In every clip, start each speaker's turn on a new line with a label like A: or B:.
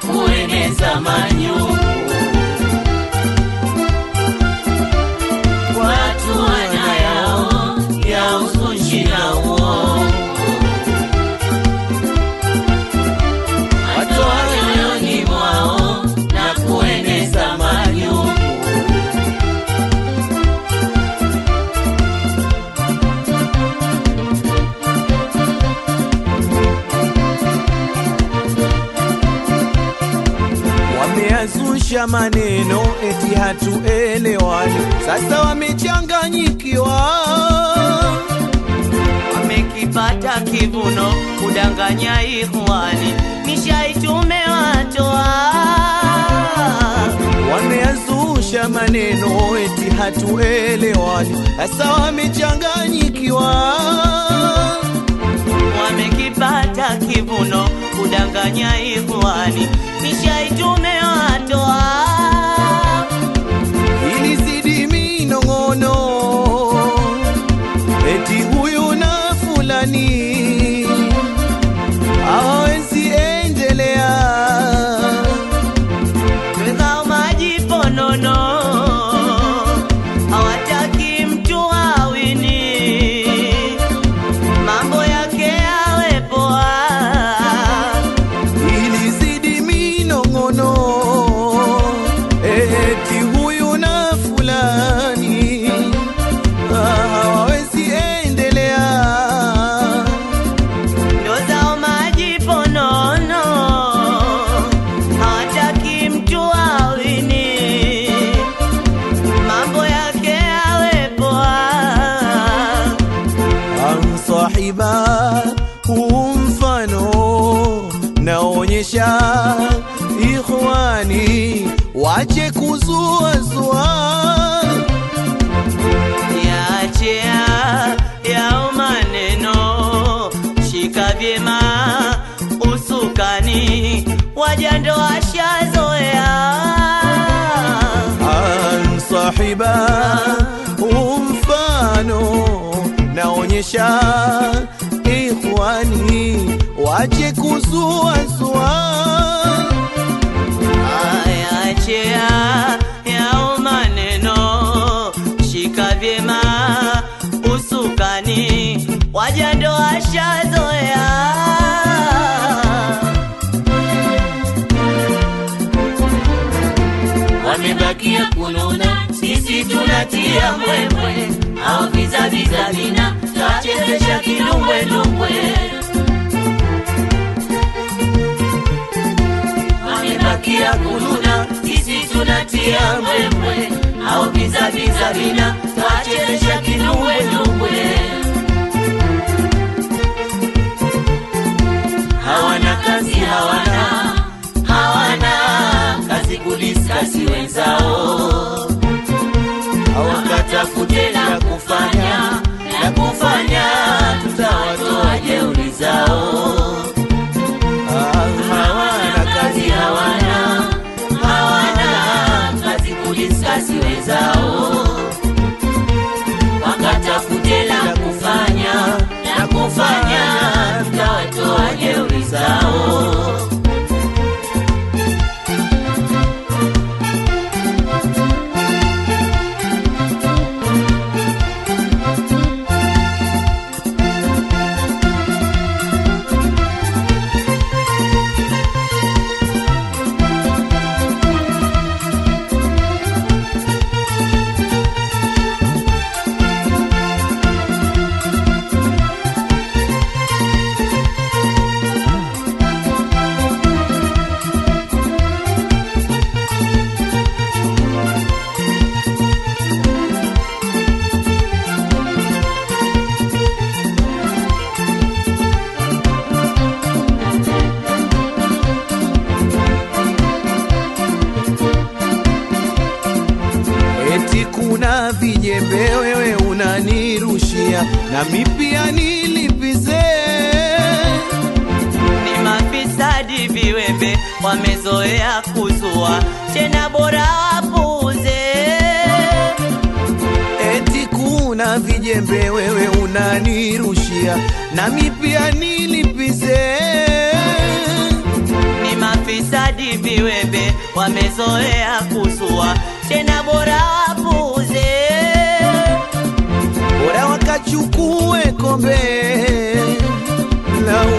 A: kueneza manyu
B: kukanusha maneno eti hatuelewani. Sasa wamechanganyikiwa,
C: wamekipata kivuno kudanganya ihuani nishaitume watoa
B: wameazusha maneno eti hatuelewani. Sasa wamechanganyikiwa
C: wamekipata kivuno, kudanganya ikhwani, nishaitumewa ndoa
B: ilizidi minong'ono, eti huyu na fulani Ache kuzuazua
C: yaachea yao maneno, shika vyema usukani, wajando washazoea
B: umfano naonyesha ikhwani, wache kuzuazua
C: kuchechea yao maneno, shika vyema usukani, waja ndo ashazoea
A: wamebakia kununa, sisi tunatia mwemwe au vizaviza vina tachezesha kidumbwedumbwe kununa sisi tunatia mwemwe au bizabiza bina twachezesha kinumbwenumbwe hawana kazi hawana hawana kazi kudiskasi wenzao hawakatafute la kufanya
B: nami pia nilipize.
C: Ni mafisadi viwembe, wamezoea kuzua, tena bora wapuze.
B: Eti kuna vijembe wewe unanirushia, nami pia nilipize.
C: Ni mafisadi viwembe, wamezoea kuzua, tena bora wapuze
B: akachukue kombe na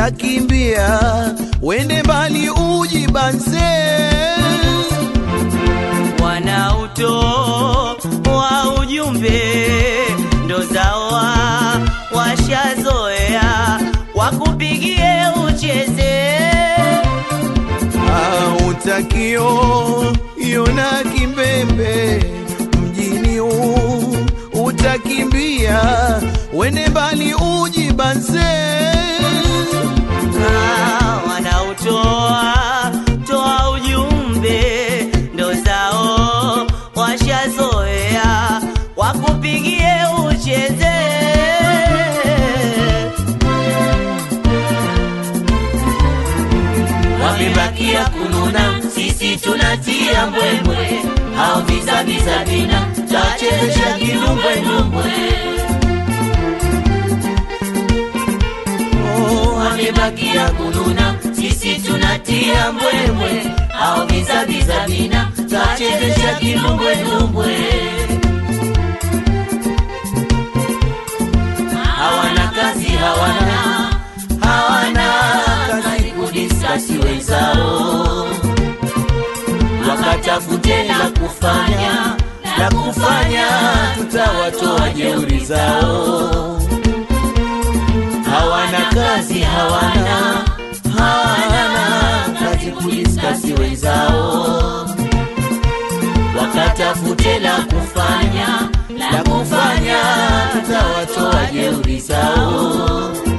B: utakimbia wende mbali ujibanze,
C: uto wa ujumbe ndo zawa washazoea wakupigie ucheze
B: autakio yona kimbembe mjini utakimbia wende mbali ujibanze
A: ya kununa, sisi tunatia mbwembwe, hao bizabiza vina tachezesha kilumbwelumbwe. Oh, amebaki ya kununa, sisi tunatia mbwembwe, hao bizabiza vina tachezesha kilumbwelumbwe. Hawana kazi, hawana wala siwezao, wakatafute la kufanya na kufanya, tutawatoa jeuri zao. Hawana kazi, hawana hawana kazi, kuliskasi wenzao, wakatafute la kufanya la kufanya, tutawatoa jeuri zao.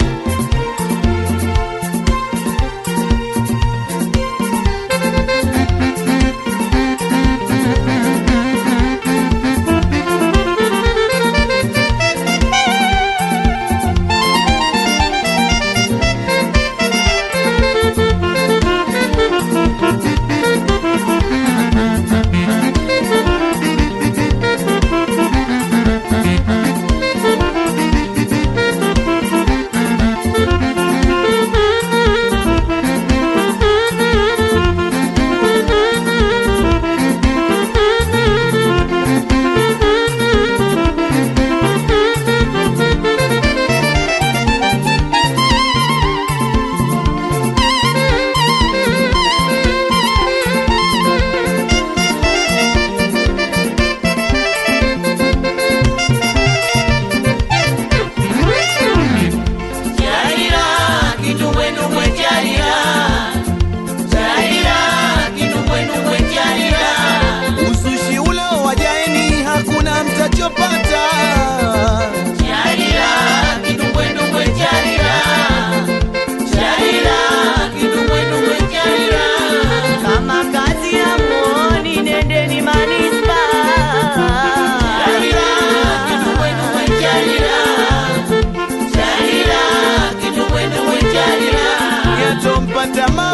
B: até